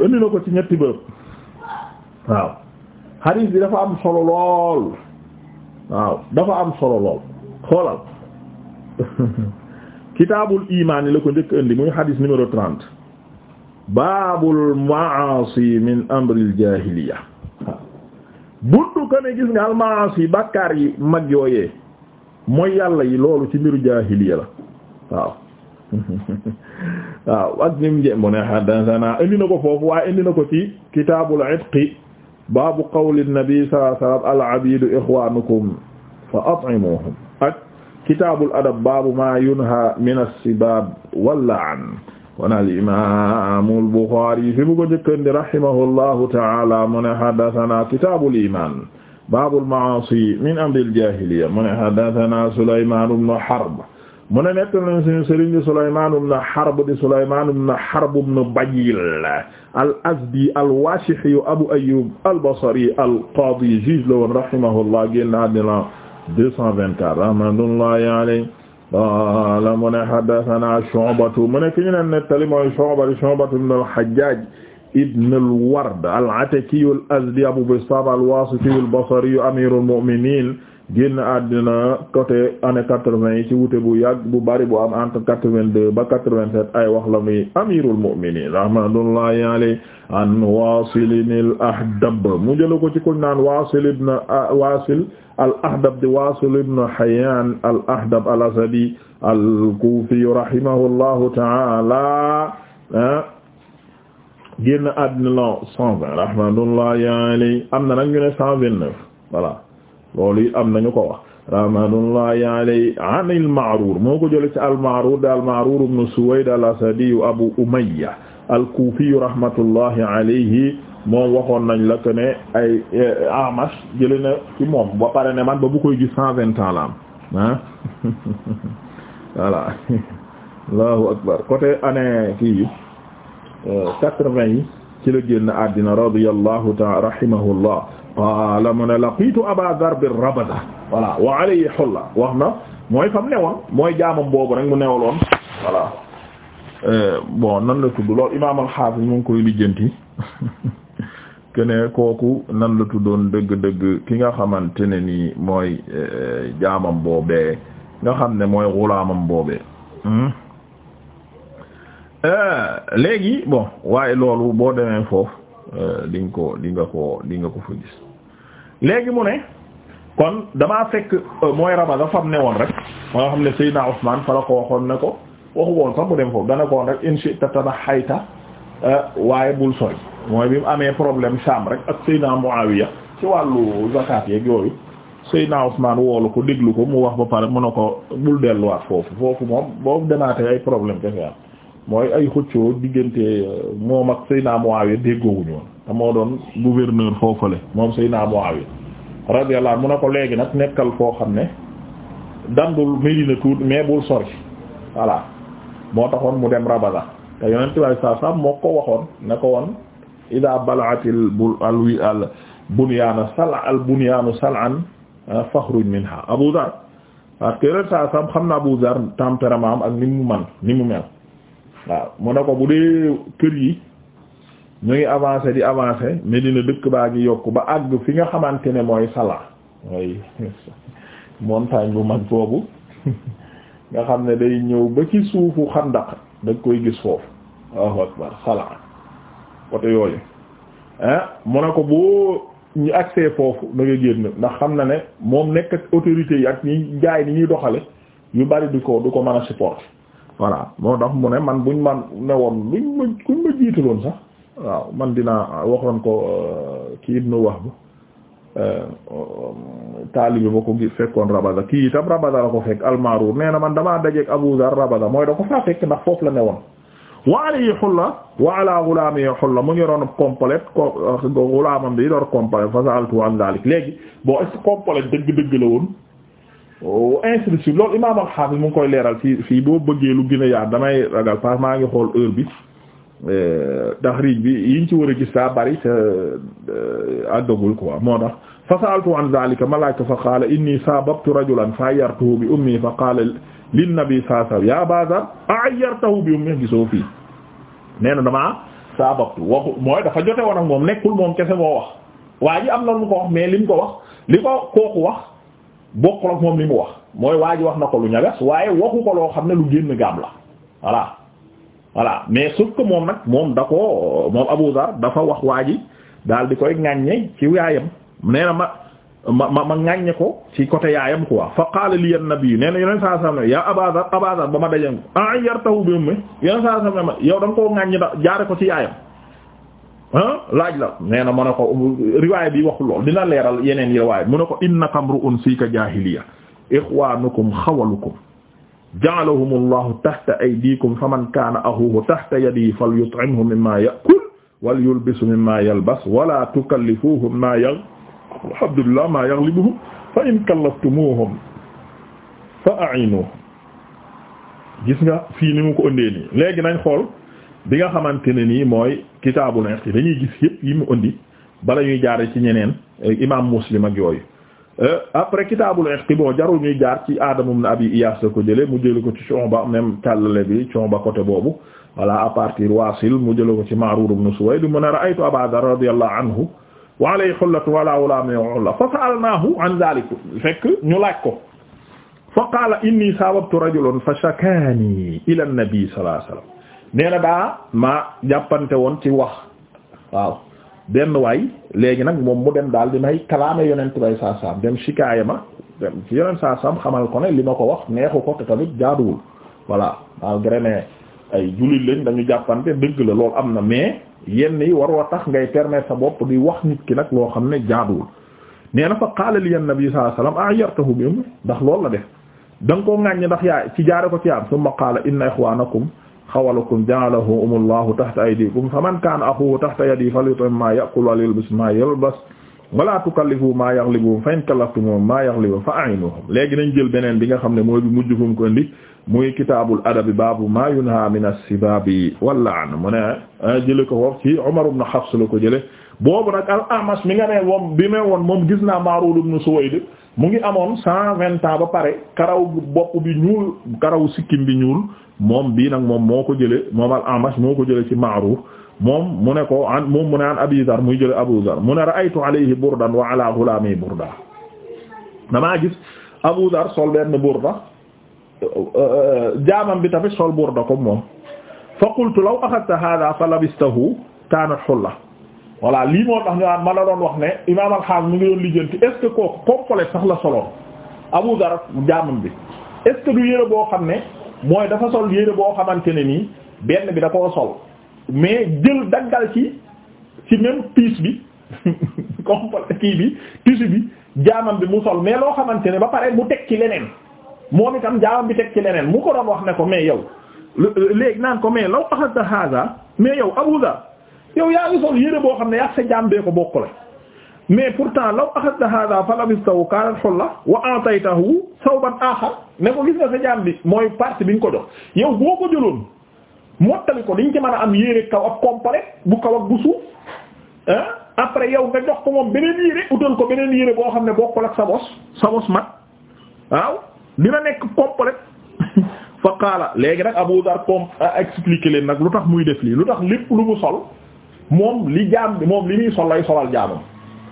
indi na ko ci ñetti bërëb waaw xadiis bi dafa am solo lool waaw dafa am solo lool xoolal kitaabul imaan yi la ko njëkk indi muy xadiis numéro trente baabul maasi min amril jaahiliya buntu ko ne gis nga al maasi bàkkaar yi mag yooyee mooy yàlla yi loolu ci mbiru jaahiliya la waaw waaw ak ñim jë mu ne haddathana indi na ko foofu waaye indi na ko ci kitaabul itqi baabu qawli nabi sallallahu alayhi wasallam al-abidu ikhwanukum fa at'imuhum ak kitaabul adab baabu ma yunha min as-sibab wal-la'n kon al-imam al-bukhari fi mu ko njëkkandi rahimahullahu ta'ala mu ne haddathana kitaabul iman baabul ma'asi min amril jahiliya mu ne haddathana sulayman ibn harb mu ne nekk nañu suñu sëriñ di Sulaymaan ibn Harb di Sulaymaan ibn Harb ibn Bajiil al-Azdi al-Waashihi Abu Ayyuub al-Basri al-Qaadi juge la woon rahimahullah génn àddina 224 rahmatullahi alayhi qaala mu ne haddathanaa Shu'batu mu ne ki ñu nettali mooy Shu'ba Shu'batu ibn al-Hajjaaj ibn al-Ward al-Ataki al-Azdi Abu Bistaam al-Waasiti al-Basri amiirul mu'miniin génn àddina côté année quatre-vingt yi ci wute bu yàgg bu bari bu am entre quatre-vingt-deux ba quatre-vingt-sept ay wax la muy amirul mu'minin rahmatullahi alayhi an waasilin al ahdab mu jëla ko ci kuñ naan waasil al ahdab di waasil ibn hayyan al ahdab al asadi al kufi rahimahullahu ta'ala ah, génn àddina la cent vingt rahmatullahi alayhi am na nag ñu loolu it am nañu ko wax rahmatullahi alayhi an marur moo ko jële ci al-Ma'rur da al-Ma'rur ibn Suwayd al-Asadi Abu Umayya al-Kufi rahmatullahi alayhi moom waxoon nañ la ko ne ay eh, Amash jële na ki moom ba pare ne man ba bu koy gis cent vingt ans la am ah. voilà akbar côté année kii euh, quatre-vingt yi ci la génn àddina radiyallahu ta'ala rahimahullah la mu ne laqiitu Abaa Zarr rabada voilà wa alayhi hulla wax na mooy fam newoon mooy jaamam boobu rek mu newaloon voilà euh, bon nan la tudd loolu imaam al-Haafiz mu ngi koy lijjanti kene kooku nan la tuddoon dëgg-dëgg ki nga xamante ne nii mooy euh, jaamam boobee nga xam ne mooy xulaamam boobe hmm? euh, léegi bon waaye loolu boo demee foofu Euh, di nga ko di nga ko di nga ko fa gis léegi mu ne kon damaa fekk euh, mooy rabada fam ne woon rek moo xam ne Seydina Ousmane fa la ko waxoon ne ko waxu woon sax mu dem foofu dana ko woon rek in shi'ta tanaxayta euh, waaye bul sori mooy bi mu amee problème Sham rek ak Seydina Muawiya ci wàllu zakat yeeg yooyu naa Ousmane woolu ko déglu ko mu wax ba pare mun ne ko bul delluwaat foofu foofu moom boobu demaatee ay problème kese am mooy ay xëccoo diggante euh, moom ak Seydina Muawiya déggoowuñu woon te moo doon gouverneur foofale moom Seydina Muawiya radiyallahu mu ne ko léegi nag nekkal foo xam ne dandul Medina tuut mais bul sori voilà moo taxoon mu dem Rabada te yonent waaye saa moo ko waxoon ne ko woon ida balaatil bul alwi al bunyaana sal al bunyaanu minha Abu Dhar parce que yonent xam na Abu Dhar tempérament am ak ni mu man ni mu mel waaw mu ne ko bu dee kër yi ñu ngi avancé di avancé Medina dëkk baa ngi yokk ba àgg fi nga xamante ne mooy Sala mooy montagne bu mag boobu nga xam ne day ñëw ba ci suufu xandaq da koy gis foofu waaw akbar Sala côté yooyu ah mu ne ko boo ñu accès foofu na nga génn ndax xam na ne moom nekk ak yi ak ni njaay ni ñuy doxale yu bari du ko du ko mën a supporter voilà moo tax mu ne man buñ man ne woon luñ ma kuñ ma jiitaloon sax waaw man dinaa waxoon ko euh, ki Ibnu Wahb euh, taalibe ba ko fekkoon Rabada kii itam Rabada la ko fekk almaruur nee na man damaa dajeeg Abu Zar Rabada mooy da ko faa fekk ndax foofu la ne woon wa la xulla wa ala ghulamihi xulla mu ngi doon complet ko euh, ghulaamam bi door complet fa sa'altu an dalik léegi boo est-ce complet dëgg-dëgg la woon Oh, ainsi de suite imaam al-Hafiz mu ngi koy leeral fi fii boo bëggee lu gën a yaatu damay ragal parce que maa ngi xool bi taxriij eh, bi yiñ ci war a gis saa bari te eh, àggagul quoi moo tax fa sa'altu an zaalika ma laaj ko fa qaala inni saababtu rajulan fa ayyartuhu bi ummi fa qaala linnabi saa saa yaa Abaa Zarr ayyartahu bi ummi gisoo na damaa saababtu waxu mooy dafa jote woon ak moom nekkul moom kese moo wax waa am na lu ko wax mais ko wax li ko kooku wax. bokkul ak moom li mu wax mooy waaj wax na ko lu ñagas waaye waxu ko loo xam ne lu génn gaam la voilà voilà mais sauf que moom nag moom da ko moom Abu dafa wax waa ji daal di koy ŋàññe ci yaayam nee ma ma ma ma ŋàññe ko ci côté yaayam quoi fa qaala li an-nabi nee na yeneen saa sam ne yaa Abu Dar Abu Dar ba ma dajen ko ah yartahu bi ummi yeneen saa sam ne ma yow da nga koo ŋàññe da jaare ko ci yaayam laaj la nee na mu ne ko riwaay bi waxul lool dina leeral yeneen yi riwaay mu ne ko innaka mru'un fiika jaahiliya ixwaanukum xawalukum ja'alahum allahu tahta aydikum faman kaana axuuhu tahta yadihi falyut'imhu mimma ya'kul walyulbishu mimma yalbas wala tukallifuuhum ma yagh alhamdulillah ma yaghlibuhum fa in kallaftumuuhum fa a'inuuhum gis nga fii ni mu ko ëndee nii léegi nañ xool bi nga xamante ne nii mooy kitaabul iqti dañuy gis yëpp yi mu indi bala ñuy jaare ci ñeneen imaam muslim ak yooyu euh, après kitaabul iqti bon jarul ñuy jaar ci Aadam ibn Abi Iyaas la ko jële mu jële ko ci Shu'ba même càllale bi Shu'ba côté boobu voilà à partir Waasil mu jële ko ci Ma'rur ibn Suwayd mu ne ra'aytu Abaa Dharr radiyallahu anhu wa alayhi hullatu wa lahu ghulaamun fa sa'alnaahu an dhaalik fekk ñu laaj ko fa qaala innii saababtu rajulan fa shakaanii ilaa an-nabii sallallahu alayhi wa sallam nee na daa ma jàppante woon ci wax waaw benn waay léegi nag moom mu dem daal di may kalaame yonent bay saa saam dem shikaaya ma dem ci yonent saa saam xamal ko ne li ma ko wax neexu ko te tamit jaaduwul voilà malgré ne ay jullit lañ dañu jàppante dëgg la loolu am na mais yenn yi waroo tax ngay permettre sa bopp di wax nit ki nag loo xam ne jaaduwul nee na fa qaala li annabi sallallahu alayhi wasallam ayyartahu bi ndax loolu la def da nga koo ŋàññ ndax yaa ci jaare ko ci yaam summa qaala inna ikhwanakum xawalakum ja'alahu allahu tahta aydikum faman kana akhuhu tahta yadihi falyut'im ma ya'kul wa liyalbis ma yalbas wala tukallifu ma yaghlibuhum fa in kallaftumuhum ma yaghlibuhum fa a'inuhum léegi nañ jël beneen bi nga xam ne mooy bi mujj fu mu ko indi muy kitaabul adabi baabu ma yunha min as-sibabi wal-la'n mu ne ah, jële ko foofu ci Umar ibn Hafs la ko jële boobu nag al-A'mash mi nga ne moom bi mee woon moom gis naa Ma'rur ibn Suwayd mu ngi amoon cent vingt ans ba pare karaw bopp bi ñuul karaw sikkim bi ñuul moom bii nag moom moo ko jëlee moom al Amash moo ko jëlee ci Ma'ruf moom mu ne ko an moom mu ne an muy jëlee Abu Zar mu ne ra'aytu alayhi burdan wa ala ghulami burda damaa gis Abu Zar sol benn burda jaamam bi tamit sol burda comme moom fa qultu law akhadta hadha fa labistahu kanat hulla lii moo tax ñu naan ma wax ne imaam al-Hafiz mu ngi doon lijjanti est-ce que kooku complet sax Abu Zar jaamam bi est du yére boo xam ne mooy dafa sol yére boo xamante ne nii benn bi da koo sol mais jël daggal ci ci même pièce bi complet kii bi tissu bi jaamam bi mu sol mais loo xamante ne ba pare mu teg ci leneen moom itam jaamam bi teg ci leneen mu ko doon wax ne ko mais yow léegi naan ko mais law axadta hada mais yow Abu Dharr yow yaa ngi sol yére boo xam ne yaa sa jaam bee ko la mais pourtant law axadta hada fa labistahu kaanat xulla wa ataytahu sawban axar ne ko gis nga sa jaam bi mooy partie bi nga ko jox yow boo ko jëloon mottali ko diñ ci man a am yére kaw ak complet bu kaw ak bu suuf après yow nga jox ko moom beneen yére utal ko beneen yére boo xam ne boo bokkul ak sa bos sa bos mat waaw dina nekk rek fa qaala léegi nag Abu Dar comme euh, expliquer leen nag lu tax muy def lii lu tax lépp lu mu sol moom li jaam moom li muy sol lay solal jaamam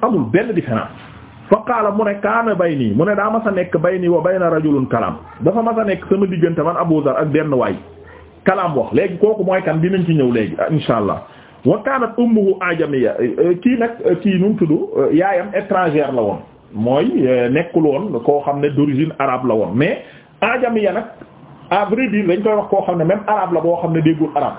amul benn di fa qaala mu ne kaana bay nii mu ne daa mas nekk bay nii wa na rajulun kalam dafa mas a nekk sama diggante man Abu dar ak benn waay kalam wax léegi kooku mooy kan dinañ ci ñëw léegi insha allah wa kaanat ummuhu ajamiya kii nag kii nu mu tudd yaayam étrangère la woon mooy euh, nekkul woon koo xam ne d'origine araab la woon mais ya nag à di dire dañ koy wax koo xam ne même arabe la boo xam ne déggul arabe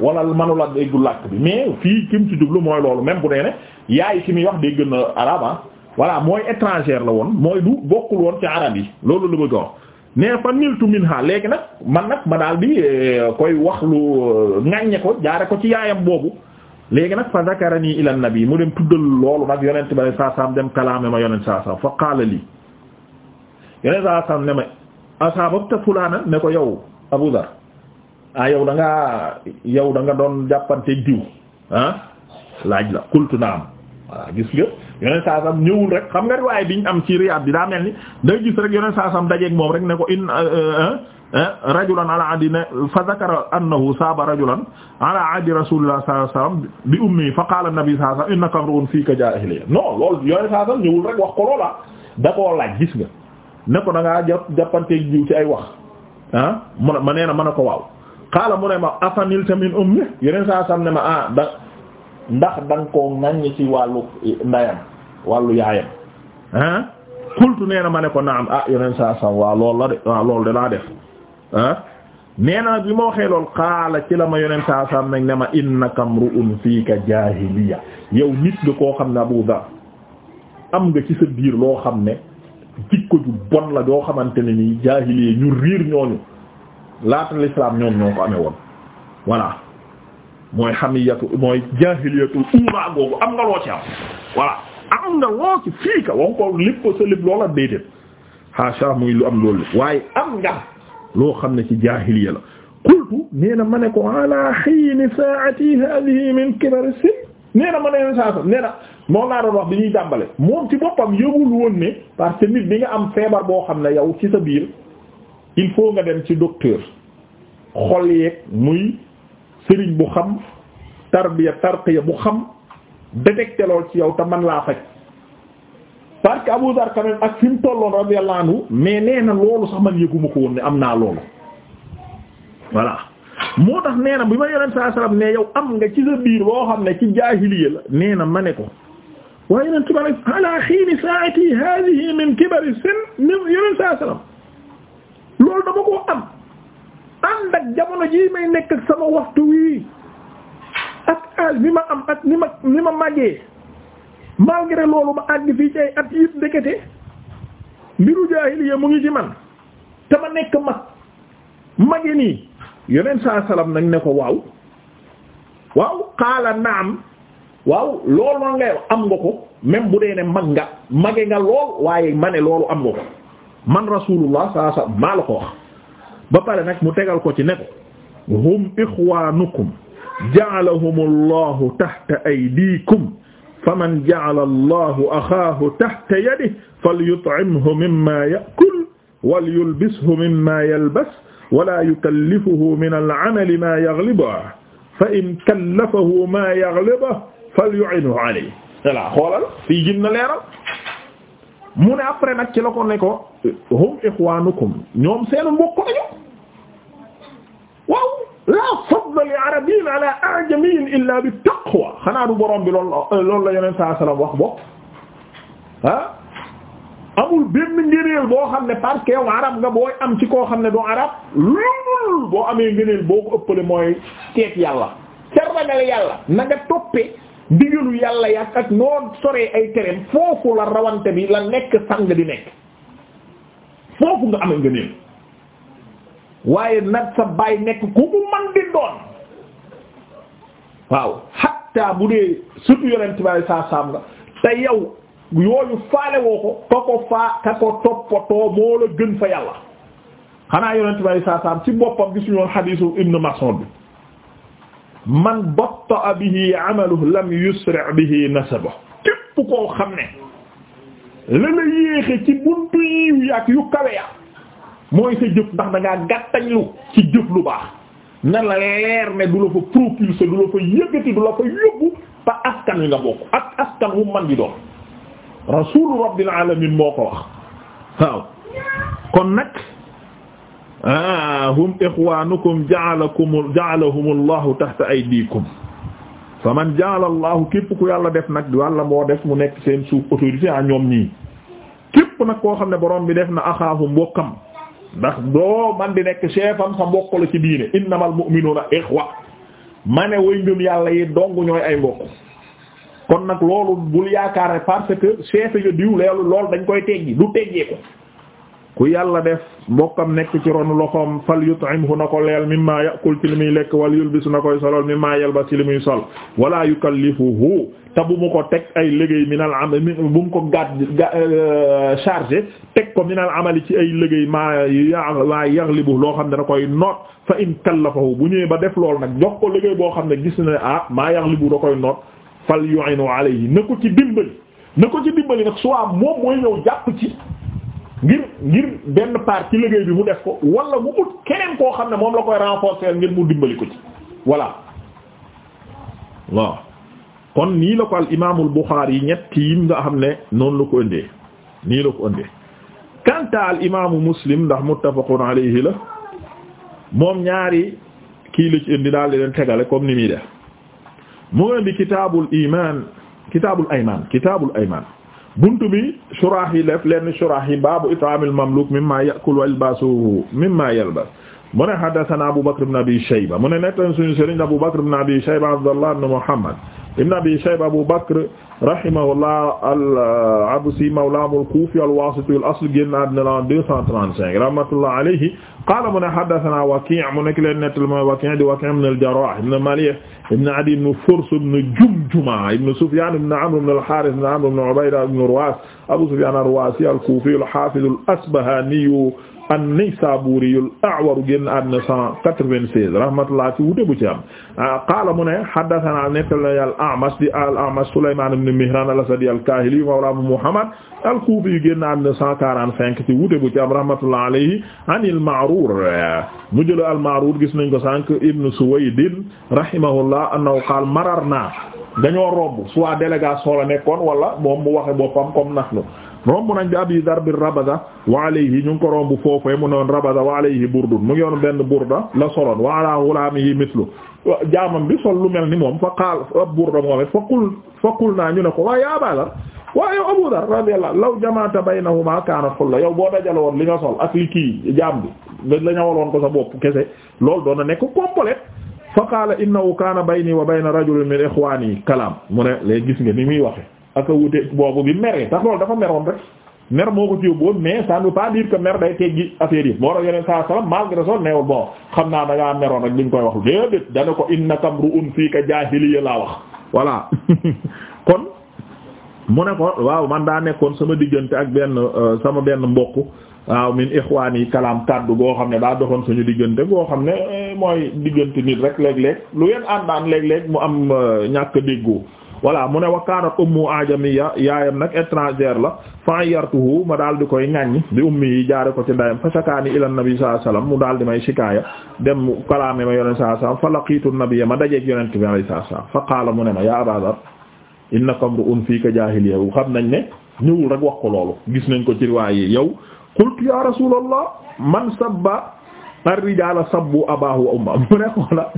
wala manula déggu làkk bi mais fii kim ci jublu mooy loolu même bu nee yaay si muy wax dégg na arabe ah voilà mooy étrangère la woon mooy du bokkul woon ci arab yi loolu la bëgg a wax mais fa niltu minha léegi nag man nag ma daal di euh, koy wax lu euh, ŋàññe ko jaare ko ci yaayam boobu léegi nag fa zakarani ila nabi mu dem tuddal loolu nag yonent bale saa saam dem kalaame ma yonent saa saam fa qaala lii yonent saa saam ne ma fulaana ne ko yow Abu Dhar ah yow da ngaa yow da nga doon jàppanteeg diw ah laaj la kultu na am gis nga yoneen saa sam ñëwul rek xam nga riwaay biñ am ci Riyad bi daa mel ni da gis rek yoneen saa sam dajeeg moom rek ne ko in euh, euh, rajulan ala adi ne fa zakara annahu saaba rajulan ala adi rasulillah sallallahu alayhi wasallam bi ummi fa qala nabi sallallahu alayhi wasallam innaka imru'un fika jahiliya non loolu yoneen saa sam ñëwul rek wax ko loola da koo laaj gis nga ne ko da ngaa jàppanteeg diw ci ay wax ah mu ma nee na mën a ko waaw xaala mu ne ma afanilta min ummi yeneen saa sam ne ma ah da ndax da koo ŋàññ ci wàllu ndayam wàllu yaayam ah xultu nee na ma ne ko naam ah yeneen saa sam waaw loolu la de waaw loolu de laa def ah nee na bi ma waxee lool xaala ci la ma yeneen saa sam nag ne ma innaka mru'un fiika jaahiliya yow nit nga koo xam ne Abu am nga ci sa biir loo xam ne jikko ju bon la joo xamante ne nii jaahiliya ñu riir ñooñu laata l'islam ñoom ñoo ko amee woon voilà mooy xamiyatu mooy jaahiliyatul uulaa googu am nga loo ci am voilà am nga loo ci fii ka wax ko lépp sa lépp loola déedéet haasha muy lu am loolu waaye am nga loo xam ne ci jaahiliya la qultu nee ma ne ko ala hiini ma nee na saa laa doon wax bi ñuy jàmbale moom ci boppam yëgul woon ne parce que nit bi nga am feebar boo xam ne yow ci sa biir il faut nga dem ci docteur xol yeeg muy sëriñ bu xam tarbiya tarqiya bu xam détecté lool ci yow te man laa faj parce que Abu Dar quand ak fi mu tolloon radiyallahu anhu mais nee na loolu sax man yëguma ko woon ne am naa loolu voilà moo tax nee bi ma yonent saa sallam ne yow am nga ci sa biir boo xam ne ci jaahiliya la nee na ma ne ko waaye yonent bi ala xiini saati hadihi min kibari sin yonent saa sallam loolu dama koo am ànd ak jamono ji may nekk sama waxtu wii ak âge bi ma am ak ni ma ni ma màggee malgré loolu ma àgg fii ci ay at ndekete mbiru jaahiliya mu ngi ci man te ma nekk mag mage nii yoneen saa salam nag ne ko waaw waaw xaala naam waaw loolu noonu ngay am nga ko même bu dee ne mag nga mage nga lool waaye ma ne loolu am nga ko man rasulullah saa sa maa la ko wax ba pare nag mu tegal ko ci ne ko hum ixwanukum ja'alahum allahu tahta aydikum faman ja'ala allahu axaahu tahta yadihi falyut'imhu mimma ya'kul walyulbishu mimma yalbas wala yukallifuhu min al'amali ma yaghlibuhu fa in kallafahu ma yaghlibuhu falyu'inhu alayhi voilà xoolal fii gën na leeral mu ne après nag ci la ko ne ko hum ikhwanukum ñoom seenu mbokk lañu waaw la fadla li arabiyyin ala a'jamiyyin illa bi taqwa xanaa du borom bi lool loolu la yoneen saa sallam wax bokk ah amul benn ngëneel boo xam ne parce que yow arab nga booy am ci koo xam ne du arab lool boo amee ngëneel boo ko ëppale mooy teet yàlla ca ragal yàlla na nga ndigalu yàlla yàq ak noo soree ay tereem foofu la rawante bi la nekk sang di nekk foofu nga amee nga neen waaye nag sa baay nekk ku mu man di doon waaw hatta bu dee surtout yonent bi saa saam nga te yow yooyu faale woo ko ka ko faa ka ko toppatoo moo la gën fa yàlla xanaa yonent bi saa saam ci boppam gisuñu woon xadiisu Ibn Mas'ud bi man batta'a bihi amaluhu lam yusri' bihi nasabuhu képp koo xam ne la la yéexe ci buntu yiw yaak yu kawe ya mooy sa jëf ndax da ngaa gàttañlu ci jëf lu baax na la leer ne du la fa propulser du la fa yëkkati du la fa yóbbu ba askan wi nga bokk ak askan wu man di doon rasuulu rabbil alamin moo ko wax waaw kon nag Ah, hum ixwanukum jaalakum jaalahum llahu taxta aydikum fa man jaala allahu képp ku yàlla def nag walla moo def mu nekk seen suuf autorité a ñoom ñii képp nag koo xam ne boroom bi def na axaahu mbokkam ndax doo man di nekk chefam sa mbokk la ci diine innamal mu'minuuna ixwa ma ne way ngëm yàlla yi dong ñooy ay mbokk kon nag loolu bul yaakaar ne parce que chef nga diw leelu loolu dañ koy teggi du teggee ko ku yàlla def mbokkam nekk ci ronu loxoom fal yut'imhu na ko leel mimma ya'kul ci li muy lekk wal yulbis na koy solol mimma yalbas ci li muy sol wala yukallifuhu te bu mu ko teg ay liggéey minal amal bu mu ko gàtt euh, chargé teg ko minal amali ci ay liggéey maa maa yaghlibu loo xam ne da koy noot fa in kallafahu bu ñëwee ba def lool nag jox ko liggéey boo xam ne gis na ne ah maa yaghlibu da koy noot fal yu'inu alayhi na ko ci dimbali na ko ngir ngir benn part ci liggéey bi mu def ko wala mu ut keneen koo xam ne moom la koy renforcer ngir mu dimbali ko ci voilà waaw kon nii la ko al imaamul Buxaari yi ñett yim nga xam ne noonu la ko ëndee nii la ko ëndee kanta al imaamu Muslim ndax muttafaqun alayhi la moom ñaari kii la ci indi daal di leen tegale comme ni muy def mu indi kitaabul imaan kitaabul aymaan kitaabul aymaan buntu bi surah yi lef lenn surah yi baabu it'amil mamluk mimma ya'kul wa ilbasuhu mimma yalbas mu ne hadathana Abu Bakr ibn Abi Shayba mu ne nettan suñu sëriñ Abu Bakr ibn Abi Shayba Abdullah ibn Muhammad ibn abi shayba abu bakr rahimahullah al-absi mawla al-kufi al-wasiti al-asl génn àddina la 235 rahmatullah alayhi qala mu ne haddathana waki' mu nekk leen nettal mooy waki' di waki' ibn al-jarrah ibn malih ibn adi ibn furs ibn jumjuma ibn sufyan ibn amr ibn al-harith ibn amr ibn ubayda ibn ruwas abu sufyan ar-ruwasi al-kufi al-hafiz al-asbahani an-Naysaabuuriyul A'war génn àddina cent quatre-vingt-seize rahmatullah ci wute bu ci am ah, qaala mu ne haddathanaa nettal na al-A'mash di al-A'mash Sulaymaan ibn Mihraan al-Asadi al-Kaahili mawlaa Abu Muhammad al-Kuufi génn àddina cent quarante-cinq ci wute bu ci am rahmatullah alayhi an al-Ma'ruur mu jël al-Ma'ruur gis nañ ko sànq ibn Suwayd rahimahullah annahu qaala mararnaa dañoo romb soit délégation la nekkoon wala moom mu waxe boppam comme naxnu romb nañ bi abi dar bi rabada wa alayhi ñu ngi ko romb foofee mu noon rabada wa alayhi burdun mu ngi yoon benn burda la soloon wa ala ghulamihi mithlu jaamam bi sol lu mel ni moom fa qaal ab burda moom fa qul fa qul naa ñu ne ko waaye abadar waaye yow abu dar radiyallahu law jamaata baynahuma kaanat xulla yow boo dajale woon li nga sol ak li kii jaam bi la ñawal woon ko sa bopp kese loolu doon na nekk complète fa qaala innahu kaana bayni wa bayna rajulin min mu ne léegi gis nga ni muy waxe aka wute boobu bi meree tax loolu dafa meroon rek mer moo ko ci yóbbu woon mais ça ne veut pas dire que mer day teggi affaire yi moo tax yeneen saa salaam malgré ça neewul bon xam naa da ngaa meroon rek liñ koy wax déedéet dana ko innaka imru'un fiika jaahiliyya laa wax voilà kon mu ne ko waaw man daa nekkoon sama diggante ak benn euh, sama benn mbokk waaw min ixwaani kalaam kaddu xam ne daa doxoon suñu diggante goo xam ne euh, mooy diggante nit rek léeg-léeg lu yeen àndaan léeg-léeg mu am euh, ñàkk déggoo voilà mu ne wa kaanat ummu ajamiya yaayam nag étrangère la fa yartuhu ma daal di koy ŋaññi di ummi yi jaare ko ci ndayam fa shakaani ila nabi sallallahu alayhi wasallam mu daal di may shikaaya dem kalaame ma yonent sallallahu alayhi wasallam fa laqiitu nabiyya ma dajeek yonent bi sallallahu alayhi wasallam fa qaala mu ne ma ya Abaa Zarr innaka imru'un fiika jaahiliyya ko loolu gis nañ ko ci riwaaya yow qultu ya rasulallah man sabba ar-rijaala sabbu abaahu wa umma mu ne xoola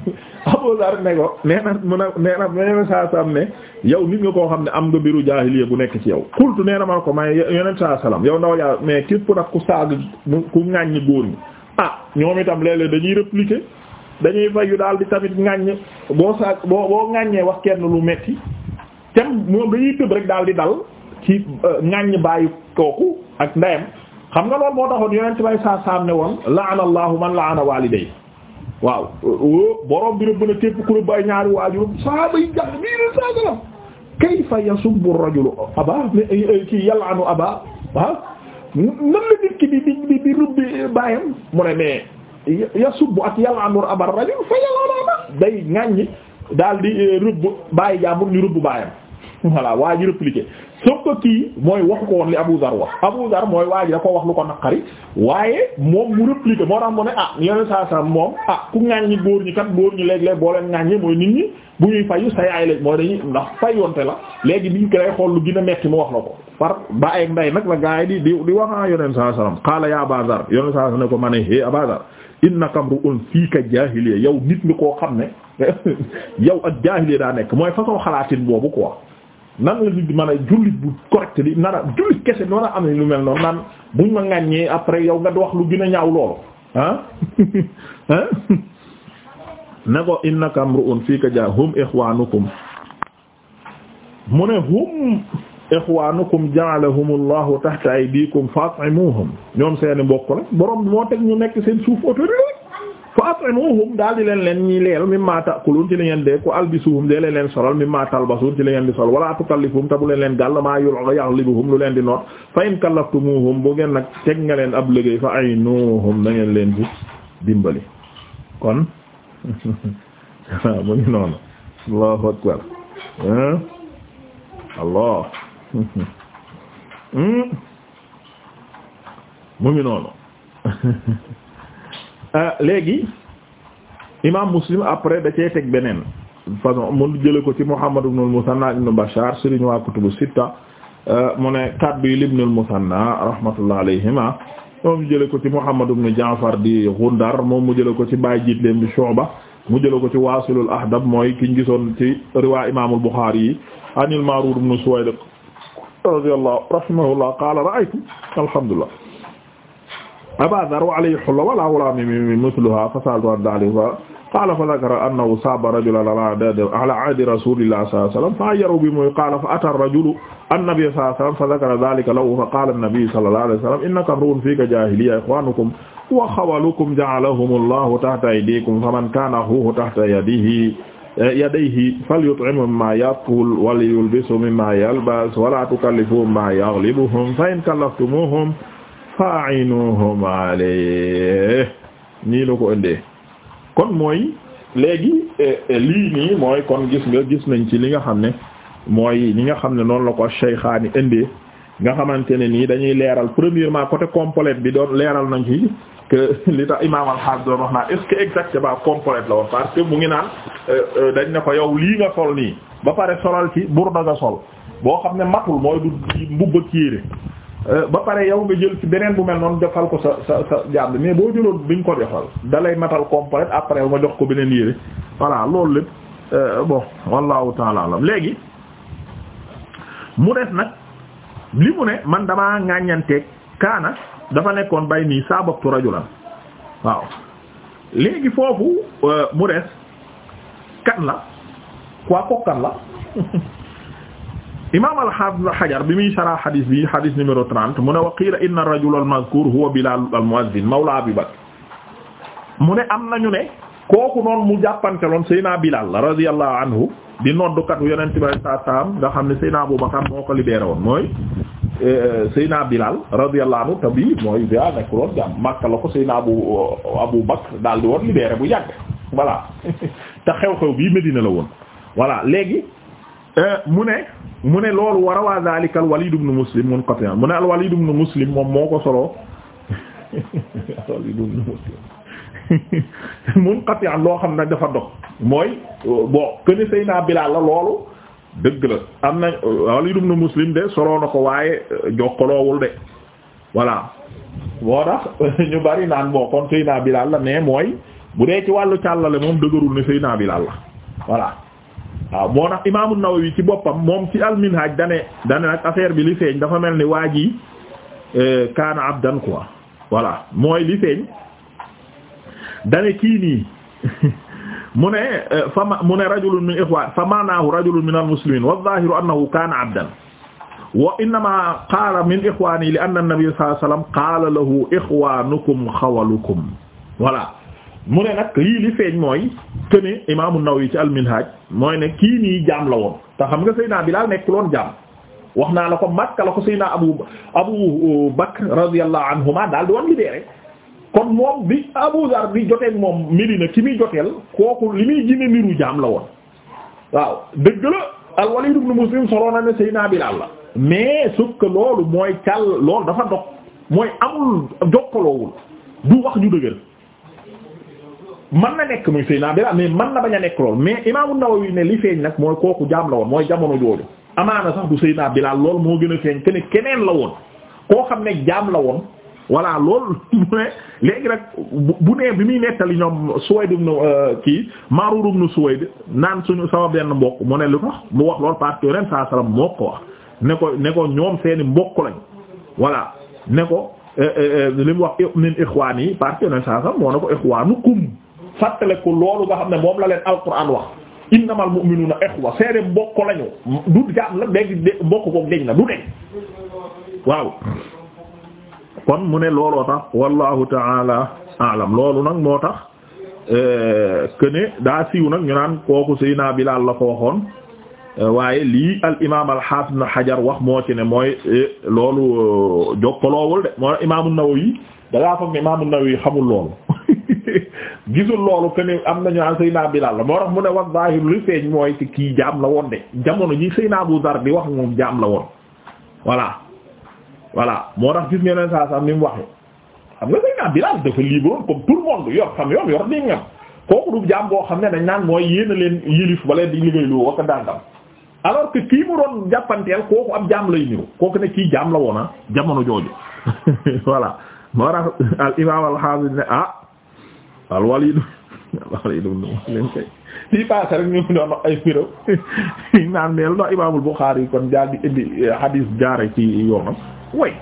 Abu Dar ne ko nee na mu ne nee na yeneen saa salaam ne yow nit nga koo xam ne am nga biiru jaahiliya bu nekk ci yow. kultu nee na ko may yeneen saa salaam yow ndaw yaa mais képp nag ku saag ku ŋaññi góor ñi ah ñoom itam léeg-léeg dañuy répliquer dañuy fayu daal di tamit ŋaññ boo saag boo boo ŋaññee wax kenn lu metti tem moom dañuy tëb rek daal di dal ci euh, ŋaññ bàyyi kooku ak ndeyam. xam nga loolu moo taxoon yonent bay saa saam ne woon la'ana allahu man la'ana waliday waaw borom bi rëbb na képp ku ay ñaari waajur saaba yi jàpp bii ne saa ki yal'anu aba ah nan la nit ki baayam mu ne mais yasubbu ak yal'anu aba rajul day ŋàññi daal di eh, rëbb bàyyi jaamur ñu rëbb baayam voilà waa ji répliqué sauf que kii mooy waxu ko woon li Abu Zar wax Abu Zar mooy waa ji da koo wax lu ko naqari waaye moom mu répliqué moo tax mu ne ah yeneen saa saa moom ah, ku ŋàññi góor ñi kat góor ñi léeg-léeg boo leen ŋàññee bu ñuy fayu sa yaay lañ mooy dañuy ndax la léegi bi ñu xool lu gën a metti mu wax la ko par ba ay nday nag la gaa yi di di wax ah yeneen saa saa xaala yaa Abu Zar yeneen saa ko ma ne eh Abu Zar innaka amru'un fiika jaahiliya yow nit mi koo xam ne yow ak jaahiliya daa nekk mooy façon xalaatin boobu quoi nan la nit di mën a jullit bu correct di nar a jullit kese noonu am na lu mel noonu naan buñ ma ŋàññee après yow nga wax lu gën a ñaaw loolu ah ah ne ko innaka amru'un fiika ja hum ikhwanukum mu ne hum ikhwanukum ja'alahumullahu tahta aydikum fat'imuhum ñoom seeni mbokk la borom moo teg ñu nekk seen suuf autorité fa at'imuhum daal di leen leen ñi leel mimma ta'kulun ci li ngeen dee ko albisuhum dee leen leen solal mimma talbasun ci li di sol wala tukallifuhum te bu leen leen gàll maa yul yaxlibuhum lu leen di noot fa in kallaftumuhum bu ngeen nag teg nga leen ab liggéey fa aynuhum na ngeen leen di dimbali kon mu ngi noonu allahu akbar allah hmm? mu ngi noonu Euh, léegi imam Muslim après da cee teg beneen façon mu jële ko ci Muhammad ibn al-Musanna ibn Bashar sëriñ waa kutubu sitta euh, mu ne kaddu yi ibn al-Musanna rahmatullah alayhima moom mu jële ko ci Muhammad ibn Ja'far di Ghundar moom mu jële ko ci bàyyi jiit leen di Shu'ba mu jële ko ci Wasilul Ahdab mooy kiñ gisoon ci riwaa imaamul Bukhari yi anil Ma'rur ibn Suwayd radiyallahu rahimahullah qala ra'aytu alhamdulillah Abaa Zarr wa alayhi hulla wa lahu ghulaamun mithluhaa fasaltu an dhaalika qaala fa dhakara annahu saaba rajulan alaa ahdi rasuulillaah sallallaahu alayhi wa sallam fa ayyarahu bihi qaala fa ataa ar-rajulu an-nabiyya sallallaahu alayhi wa sallam fa dhakara dhaalika lahu fa qaala an-nabiyyu sallallaahu alayhi wa sallam innaka imru'un fiika jaahiliyya ikhwaanukum wa xawalukum ja'alahumu-llaahu tahta aydiikum faman kaana axuuhu tahta yadihi yadayhi falyut'imhu mimmaa ya'kul wa liyulbishu mimmaa yalbas wa laa tukallifuhum maa yaghlibuhum fa in kallaftumuuhum nu alayhi nii la ko ëndee kon mooy léegi eh, eh, lii nii mooy kon gis nga gis nañ ci li nga xam ne mooy li nga xam ne noonu la ko Shaykhaani ëndee nga xamante ne nii dañuy leeral premièrement côté complète bi doon leeral nañ ci que li tax imaam al-Hafiz doon wax naa est-ce que exactement complète la woon parce que mu ngi naan eh, dañ ne ko yow lii nga sol nii ba pare solal ci burda nga sol boo xam ne matul mooy du mbubb ak Euh, ba pare yow nga jël ci beneen bu mel noonu defal ko sa sa sa jàmm mais boo jëloon biñ ko defal dalay matal complète après nga jox ko beneen yére voilà loolu lépp euh, bon wallahu taala léegi mu des nag li mu ne man damaa ŋàññanteeg kaana dafa nekkoon bay nii sababtu rajulan waaw léegi foofu euh, mu des kan la quoi ko la imam al-Hafiz Hajar bi muy sara xadis bi xadis numéro 30 mu ne wa qiila inna ar-rajula al-mazkur huwa Bilal al-mu'azzin mawla Abi Bakr mu ne am nañu ne kooku noonu mu jàppanteloon Seydina Bilal radiyallahu anhu di noddukatu yonente bi alayhi salaatu salaam nga xam ne Seydina Abu Bakr moo ko libéré woon mooy e, Seydina Bilal radiyallahu anhu te bii mooy Bilal nekk loon jàpp Makka la ko Seydina Abu Abu Bakr daal di woon libéré bu yàgg voilà te xew-xew bii Medina la woon voilà léegi Euh, mu ne mu ne loolu war a waa daalika al Walid ibn Muslim munqati mu ne al Walid ibn Muslim moom moo ko soloo al Walid ibn Muslim munqati loo xam ne dafa dog mooy bon këne Seydina Bilaal la loolu dëgg la am na Walid ibn Muslim de soloo na ko waaye euh, jokkaloowul de voilà moo tax ñu bari naan bon kon Seydina Bilaal la mais mooy bu dee ci wàllu càllale moom dëgërul ne Seydina Bilaal la voilà waaw moo tax imaamu Nawawi ci boppam moom ci al-Minhaj dane dane nag affaire bi li feeñ dafa mel ni waa ji euh, kaana abdan quoi voilà mooy li feeñ dane kii nii mu ne euh, fa ma mu ne rajulun min ikhwan fa maanaahu rajulun min al-muslimin wa adh-dhahiru annahu kaana abdan wa innama qaala min ikhwani li anna an-nabiy sallallahu alayhi wasallam qaala lahu ikhwanukum xawalukum voilà mu ne nag lii li feeñ mooy que ne imaamu Nawawi ci al-Minhaj mooy ne kii nii jaam la woon te xam nga Seydina Bilaal nekkul woon jaam wax naa la ko Makka la ko Seydina naa Abu uh, Bakr radiyallahu anhuma daal di woon libéré kon moom bi Abu Zar bi joteeg moom Medina ki muy joteel kooku li muy gine niru jaam la woon waaw dëgg la al-Walid ibn Muslim soroon na ne Seydina Bilaal la mais sauf que loolu mooy càll loolu dafa dog mooy amul jokkaloowul du wax ju dëgër man na nekk muy Seydina Bilaal mais man na bañ a nekk lool mais imaamu Nawawi ne li feeñ nag mooy kooku jaam la woon mooy jamono jooju amaana sax du Seydina Bilaal lool moo gën a seen te ne keneen la woon koo xam ne jaam la woon voilà loolu mu ne léegi nag bu nee bi muy nettali ñoom Suwayd ibn euh, kii Maaruur ibn Suwayd naan suñu sama benn mbokk mu ne lu tax mu wax loolu parce que ren saa salaam moo wax ne ko ne ko ñoom seeni mbokk lañ voilà ne ko euh, euh, li mu wax min yi parce que ren saa salaam moo fàttaleku loolu nga xam ne moom la leen alquran wax innamal mu'minuna ikhwa seede mbokk lañu du jaam mbokk boog deñ na du deñ waaw kon mu ne looloo tax wallahu ta'ala a'lam loolu nag moo tax euh, que ne daa siiw nag ñu naan kooku Seydina Bilaal la ko waxoon euh, waaye lii al imaam al haafid na xajar wax moo ci ne mooy euh, loolu jokkaloowul de moo imaam an-Nawawi da ngaa ne imaam an-Nawawi xamul loolu gisul loolu que ne am nañu an Seydina Bilaal la moo tax mu ne wax zahir li feeñ mooy que kii jaam la woon de jamono ji Seydina bu Dar bi wax moom jaam la woon voilà voilà moo tax gis ngeen saa sax ni mu waxee xam nga Seydina Bilaal dafa libre comme tout le monde yor xam yoon yor di ngam kooku du jaam boo xam ne dañ naan mooy yéen leen yilif wala di liggéey lu waka dàngam alors que kii mu doon jàppanteel kooku ab jaam lay niru kooku al Walid al Walid ibn Muslim kay lii passé rek ñu doon ay mbiram naan meel ndax Imaamul Bukhari kon daal di indi eh, hadis jaare ci yoonam way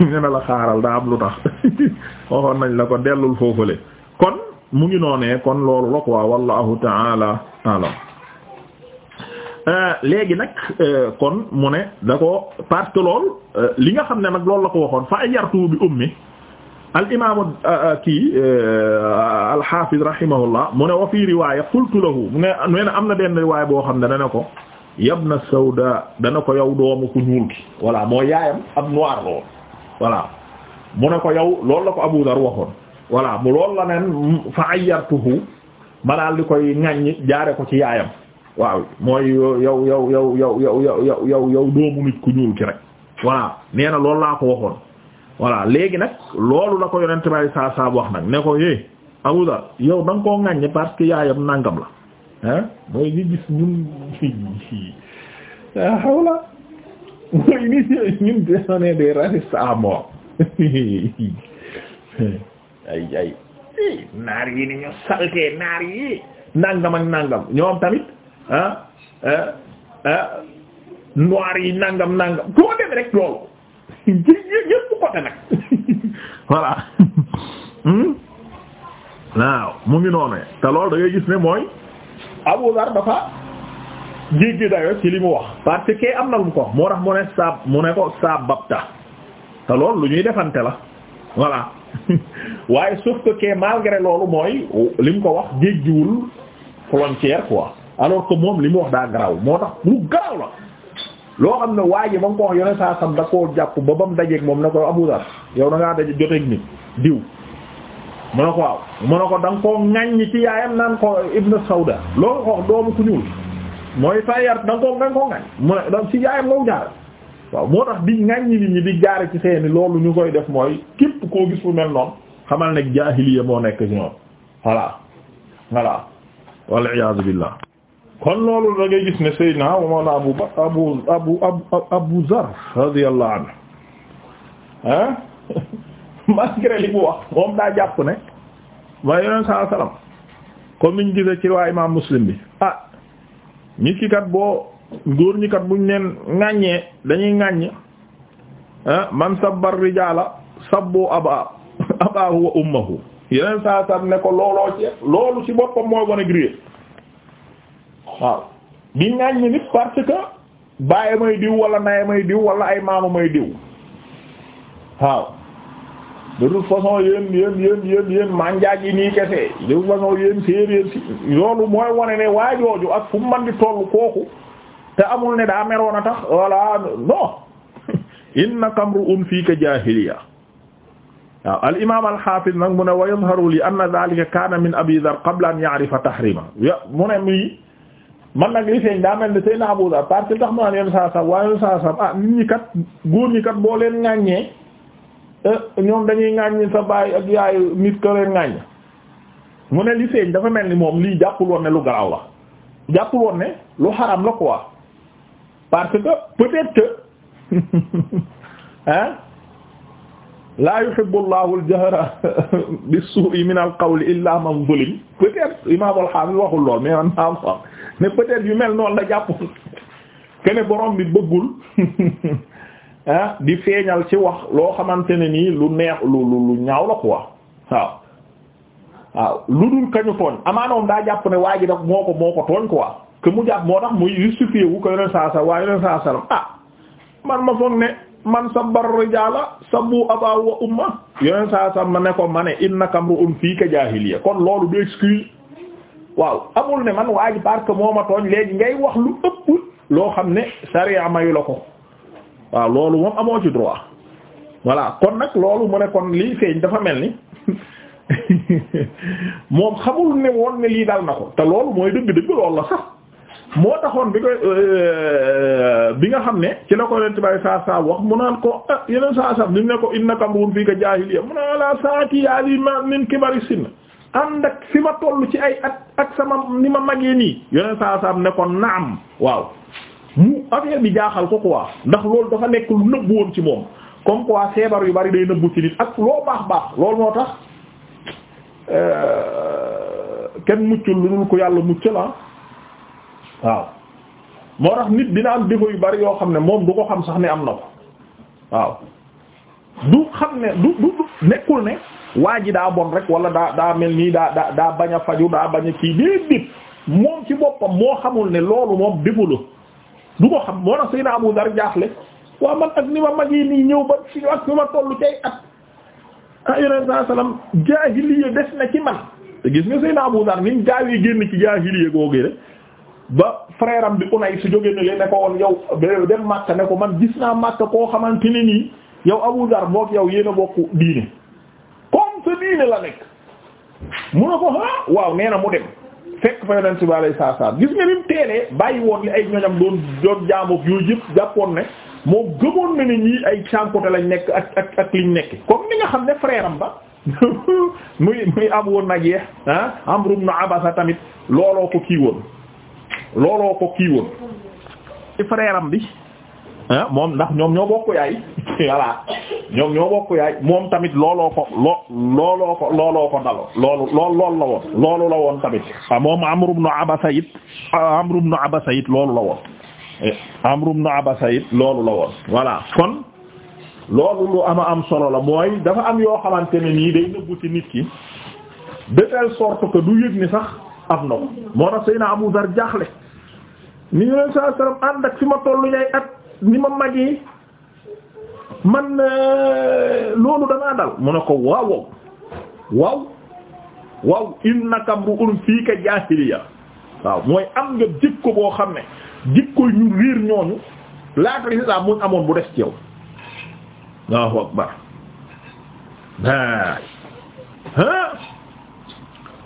ñu ne la xaaral daa am lu tax waxoon nañ la ko dellul foofule kon mu ngi noonee kon loolu la quoi wallahu ta'ala a'lam eh, léegi nag eh, kon mu ne da ko parce lool li nga xam ne nag loolu la ko waxoon fa ay yartu bi ummi al imaamu uh, uh, kii uh, alxaafiz rahimahullah mu ne wa fii riwaaya qultu lahu mu ne nee na am na benn riwaaya boo xam ne dana ko yabna sawda dana ko yow doomu ku ñuul ki voilà moo yaayam ab noir lool voilà mu ne ko yow loolu la ko Abu Dar waxoon voilà mu loolu la neen fa ayyartuhu ma daal di koy ŋaññi jaare ko ci yaayam waaw mooy yow yow yow yow yow yow yow doomu nit ku ñuul ki rek voilà nee na loolu laa ko waxoon voilà léegi nag loolu la ko yonent bay saa saa wax nag ne ko é eh Abu yow da nga koo ŋàññe parce que yaayam nàngam la ah mooy ñu gis ñun ah ay eh naar yi ni ñu saltee naar yi nangam ak nàngam ñoom tamit ah ah, ah noir yi nàngam nàngam koo dem rek loolu woote nag voilà hmm? waaw mu ngi noonu te loolu da gis ne mooy Abu Dar dafa jéggi dayo ci li mu wax parce que am na lu mu ko moo tax mu ne saab mu ne ko sababta te lool lu ñuy defante la voilà waaye sauf que kee malgré loolu mooy li mu ko wax jéggiwul frontière quoi alors que moom li mu wax daa garaw moo tax lu garaw la loo xam ne waa ji ma nga ko wax yoneen saa sam da koo jàpp ba ba mu dajeeg moom ne ko Abu Dar yow da ngaa daje joteeg ni diw mu ne ko waaw mu ne ko da nga koo ŋaññi ci yaayam naan ko da nga koo nga koo ŋañ jaar waaw moo tax di ŋaññi nit ñi di jaare ci seeni loolu ñu koy def mooy képp koo gis fu mel noonu xamal ne jaahiliya moo nekk ci ñoom voilà voilà wal iyaazu billah kon loolu da gis ne Seydina Mawlana Abu Abu Abu Abu Zar radiyallahu anhu ah malgré li mu wax moom daa jàpp ne waaye yoneen saa salaam comme niñ gisee ci waa imaam Muslim bi ah ñi ki kat boo góor ñi kat buñ leen ŋàññee dañuy ŋàññ ah man sabbar rijaala sabbu aba abaahu wa ummahu yeneen saa salaam ne ko looloo ci loolu ci boppam mooy wane gré waaw di ŋàññi nit parce que may diw wala naye may diw wala ay maama may diw waaw de toute façon yéen yéen yéen manjaaj yi nii kese de mooy wane ne waa jooju ak fu man di tollu kooku te amul ne daa meroon tax wala non innaka mru'un fiika jaahiliya waaw al nag mu ne wa yadharu li min abi dhar qabla an ya'rifa tahriima mu ne mii man nag li feeñ daa mel ni Seydina Abu Dharr parce que tax mu naan yenn saa saam waaye yenn saa saam ah nit ñi kat góor ñi kat boo leen ŋaññee eh, ñoom dañuy ŋaññi sa baay ak yaayu nit ko leen ŋaññ mu ne li feeñ dafa mel ni moom lii jàppul woon ne lu garaaw la jàppul woon ne lu xaram la quoi parce que peut-être que ah. laa yuhibbu Allahu al-jahra bis-su'i min al-qawli illa man zulim peut-être Imaam al-Hafiz waxul lool mais man maa wax mais peut yu mel noonu la jàpp kene borom bi bëggul ah di feeñal ci wax loo xamante ne nii lu neex lu lu lu ñaaw la quoi waaw waaw lu dul kañu tooñ amaanoom daa jàpp ne waa ji daf moo ko moo ko tooñ quoi que mu jàpp moo tax muy justifié wu ko yeneen saa sa waa yeneen saa salaam ah, man ma foog ne. man sabbar rijaala sabbu abaa wa umma yoneen saa sax mane ne ko ma ne innaka mru'un fiika jaahiliya kon loolu du excuse waaw amul ne man waa ji parce que tooñ léegi ngay wax lu ëpp loo xam ne sariya mayu la ko waaw loolu moom amoo ci droit voilà kon nag loolu mu ne kon lii feeñ dafa mel ni moom xamul ne woon ne lii dal na ko te loolu mooy dëgg-dëgg loolu la sax. moo taxoon bi koy euh, euh, bi nga xam ne ci la ko leen tibay saa saa wax mu naan ko ah yeneen saa saa ni ne ko innaka mruun fii ka jaahiliya mu naan laa saati yaa li ma min kibari sinn ànd ak fi ma toll ci ay at ak sama ni ma magee nii yeneen saa saa ne ko naam waaw mu affaire bi jaaxal ko ko waa ndax loolu dafa nekk lu nëbbu woon ci moom comme waa feebar yu bari day nëbbu ci nit ak loo baax baax lool moo tax euh, kenn muccul lu dul ko yàlla mucc la ah. waaw moo tax nit dina am défaut yu bari yoo xam ne moom du ko xam sax ne am na ko waaw du xam ne du du nekkul ne waa ji daa bon rek wala daa daa mel nii daa daa daa bañ a faju daa bañ a kii déedéet moom ci boppam moo xamul ne loolu moom défaut du ko xam moo tax Seydina Abu Dar jaaxle waa man ak ni ma magee nii ñëw ba fi ak ni ma tollu cay at ah yonent saa salaam jaahiliya des na ci man te gis nga Seydina Abu Dar niñ yi génn ci jaahiliya googee rek ba frère am bi Unay su jógee ne leen ne ko woon yow dem Makka ne ko man gis naa Makka koo xamante ne nii yow Abu Dar boog yow yéen a bokk diine comme sa diine la nekk mu ne ko ah waaw nee na mu dem fekk fa yonent bi alayhi salaam gis nga ni mu teelee bàyyi woon li ay ñoñam doon doon jaamook yooyu yëpp jàppoon ne moo gëmoon na ne ñii ay cànkoté lañ nekk ak ak ak liñ nekk comme ni nga xam ne frère ba muy muy am woon nag yeex ah Amru ibn Abasa tamit looloo ko kii woon looloo ko kii woon ci frère am bi ah moom ndax ñoom ñoo bokk yaay voilà ñoom ñoo bokk yaay moom tamit looloo ko looloo ko looloo ko dalo loolu lool la woon loolu la woon tamit a moom Amru ibn Abasa Abasa it loolu la woon eh, Abasa it loolu la woon voilà kon loolu lu ama am solo la mooy dafa am yoo xamante ne nii day nëbbu ci nit ki de telle sorte du yëg ni sax am na ko moo tax Seydina Abu Dar jaaxle ni yoneen saa sallam ànd ak fi ma tollu ñay at ni ma magee man euh, loolu damaa dal mu ne ko waaw mooy am nga jikko boo xam ne jikko ñu riir ñooñu laata li sa muñ amoon bu des ci yow Allahu akbar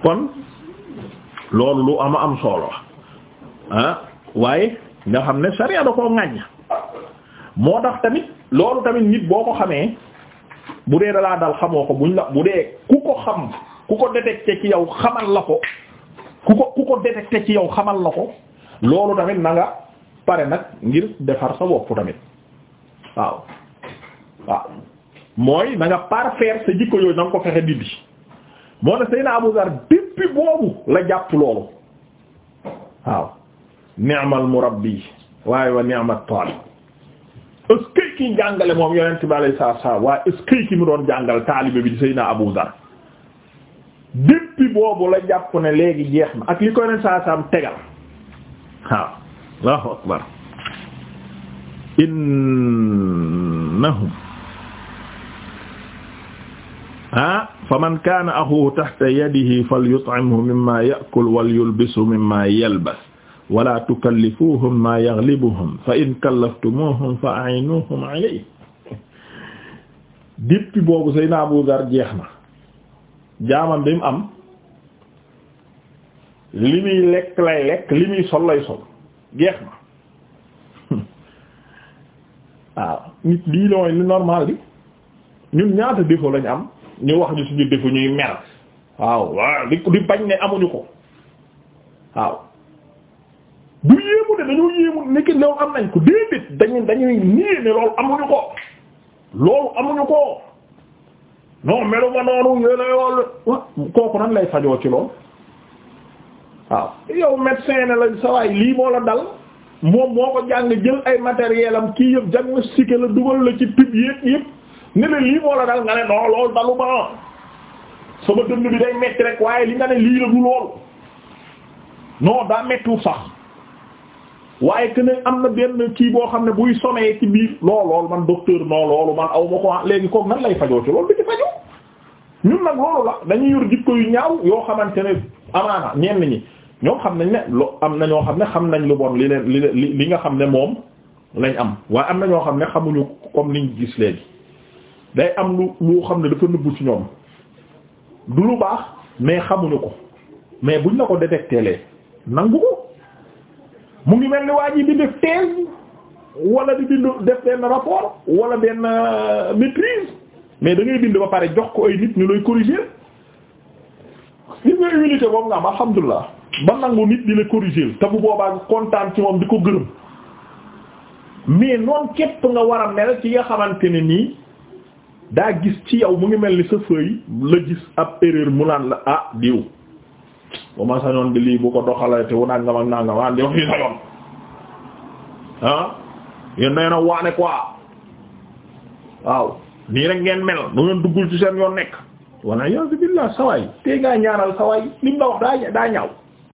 kon loolu lu ama am solo ah waaye nga xam ne sariya da koo ŋaññ moo tax tamit loolu tamit nit boo ko xamee bu dee dalaa dal xamoo ko buñ la bu dee ku ko xam ku ko détecté ci yow xamal la ko ku ko ku ko détecté yow xamal la ko loolu tamit nanga pare nag ngir defar sa bopp tamit waaw waaw mooy na nga parfaire sa jikko yooyu na ko fexe dindi moo ne Seydina Abu Dar depuis boobu la jàpp loolu waaw ni'mal murabbi wa ni'mat talib est-ce que jàngale moom yonent bi alayhi salaatu salaam waaye est mu doon jàngal taalibe bi di Seydina Abu Dar depuis boobu la jàpp ne léegi jeex na ak li koy saa saam tegal waaw akbar innahum ah fa man kaana axuhu taxta yadihi falyut'imhu mimma ya'kul wal yulbishu mimma yalbas wala tukallifuhum ma yaghlibuhum fa in kallaftumuhum fa a'inuhum alayhi dippi boobu Seydina Abu Dar jeex na jaamam bi mu am li muy lekk lay lekk li muy sol lay sol jeex na waaw nit lii looy lu normal bi ñun ñaata défaut lañ am ñu wax ñu suñu defu ñuy mer waaw waaw di di bañ ne amuñu ko waaw du yéemu ne dañoo yéemu nekki loolu am nañ ko déedéet dañu dañuy nii ne loolu amuñu ko loolu amuñu ko non melu ma noonu yéen a kooku nan lay fajoo ci loolu waaw yow médecin ne la sawaay lii moo la dal moom moo ko jàng jël ay matériel am kii yëpp diagnostiqué la dugal la ci pib yëpp yëpp. ni la lii moo la dal nga ne non loolu dalu ma sama dënn bi day metti rek waaye li nga ne lii la du loolu non daa mettiwul sax waaye que am na benn kii boo xam ne buy sonné ci biir lool loolu man docteur non loolu man aw ma ko ah léegi kooku nan lay fajoo ci loolu bi ci fajoo ñun nag loolu la dañuy yor jikko yu ñaaw yoo xamante ne amaana ñenn ñi ñoom xam nañ ne lo am na ñoo xam ne xam nañ lu bon li leen li li nga xam ne moom lañ am waaye am na ñoo xam ne xamuñu comme niñ gis léegi. day am lu loo xam ne dafa nëbbu ci ñoom du lu baax mais xamuñu ko mais buñ la ko détecté nangu ko mu ngi mel ni waa ji di def thèse wala di bind def benn rapport wala benn euh, maîtrise mais da ngay bind ba pare jox ko ay nit ñu lay corriger gis nga humilité boobu nga am alhamdulilah ba nangu nit di la corriger te bu boobaa kontaan ci moom di ko gërëm mais noonu képp nga war a mel ci nga xamante ne nii. daa gis ci yow mu ngi mel ni sa feuille la gis ab erreur mu laan la ah diw bu ma sañoon di lii bu ko doxalee te wu nangam ak nangam ah diw fii sañoon ah yéen waane quoi waaw nii rek ngeen mel nu ngeen duggul ci seen yoon nekk walla yaa billah sawaay te ngaa ñaanal sawaay lim la wax daa daa ñaaw